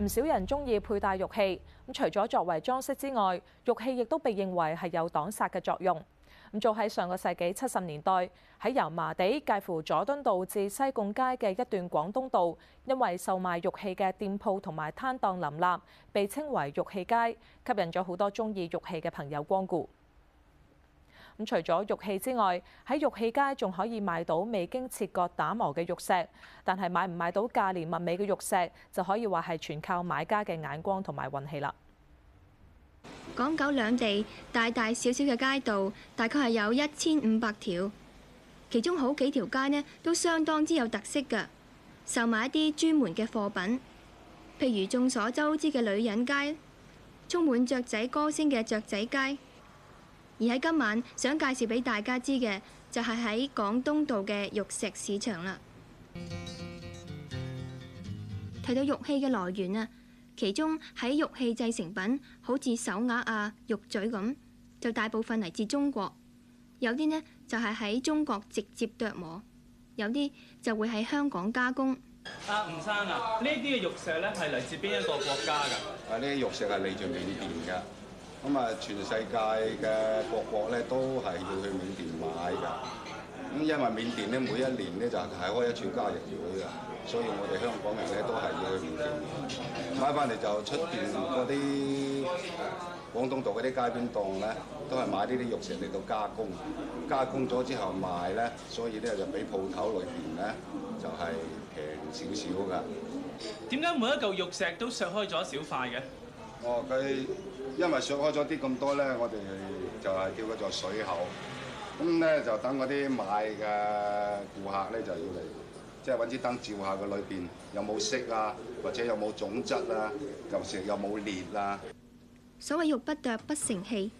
唔少人中意佩戴玉器，咁除咗作為裝飾之外，玉器亦都被認為係有擋煞嘅作用。咁早喺上個世紀七十年代，喺油麻地介乎佐敦道至西貢街嘅一段廣東道，因為售賣玉器嘅店鋪同埋攤檔林立，被稱為玉器街，吸引咗好多中意玉器嘅朋友光顧。除咗玉器之外，喺玉器街仲可以買到未經切割打磨嘅玉石，但係買唔買到價廉物美嘅玉石，就可以話係全靠買家嘅眼光同埋運氣啦。港九兩地大大小小嘅街道，大概係有一千五百條，其中好幾條街呢都相當之有特色㗎，售賣一啲專門嘅貨品，譬如眾所周知嘅女人街，充滿雀仔歌聲嘅雀仔街。而喺今晚想介紹俾大家知嘅，就係、是、喺廣東道嘅玉石市場啦。提到玉器嘅來源啊，其中喺玉器製成品，好似手鐲啊、玉嘴咁，就大部分嚟自中國。有啲呢就係、是、喺中國直接琢磨，有啲就會喺香港加工。阿吳、啊、生啊，呢啲嘅玉石呢，係嚟自邊一個國家㗎？啊，呢啲玉石係、啊、嚟自美利堅㗎。咁啊，全世界嘅國國咧都係要去緬甸買㗎。咁因為緬甸咧每一年咧就係、是、開一次交易會㗎，所以我哋香港人咧都係要去緬甸買翻嚟，就出邊嗰啲廣東道嗰啲街邊檔咧，都係買呢啲玉石嚟到加工，加工咗之後賣咧，所以咧就比鋪頭裏邊咧就係平少少㗎。點解每一嚿玉石都削開咗一小塊嘅？哦，佢因為削開咗啲咁多呢，我哋就係叫佢做水口。咁呢，就等嗰啲買嘅顧客呢就要嚟，即係揾支燈照下佢裏邊有冇色啊，或者有冇種質啊，岩石有冇裂啊。所謂玉不琢不成器，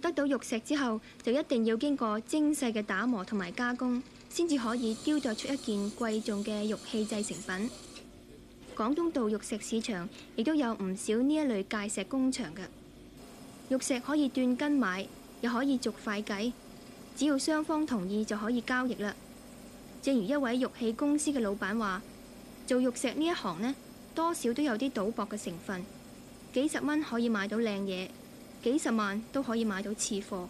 得到玉石之後，就一定要經過精細嘅打磨同埋加工，先至可以雕琢出一件貴重嘅玉器製成品。廣東道玉石市場亦都有唔少呢一類界石工場嘅玉石可以斷根買，又可以逐塊計，只要雙方同意就可以交易啦。正如一位玉器公司嘅老闆話，做玉石呢一行呢，多少都有啲賭博嘅成分，幾十蚊可以買到靚嘢，幾十萬都可以買到次貨。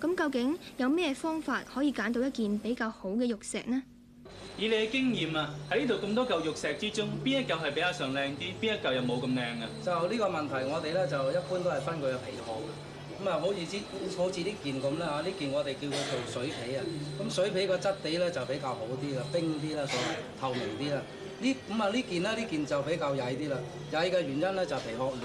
咁究竟有咩方法可以揀到一件比較好嘅玉石呢？以你嘅經驗啊，喺呢度咁多嚿玉石之中，邊一嚿係比較上靚啲，邊一嚿又冇咁靚嘅？就呢個問題我呢，我哋咧就一般都係分佢嘅皮殼嘅。咁啊，好似啲好似呢件咁啦嚇，呢件我哋叫佢做水皮啊。咁水皮個質地咧就比較好啲啦，冰啲啦，所謂透明啲啦。呢咁啊，呢件啦，呢件就比較曳啲啦。曳嘅原因咧就係、皮殼亂，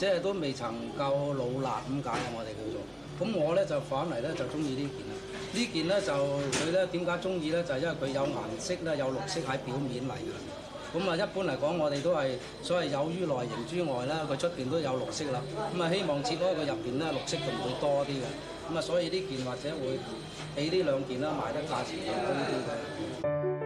即、就、係、係、都未曾夠老辣咁解啊！我哋叫做。咁我咧就反嚟咧就中意呢件啦，呢件咧就佢咧點解中意咧就係因為佢有顏色咧有綠色喺表面嚟嘅，咁啊一般嚟講我哋都係所謂有於內形之外咧，佢出邊都有綠色啦，咁啊希望切開佢入邊咧綠色仲會多啲嘅，咁啊所以呢件或者會比呢兩件啦賣得價錢會高啲嘅。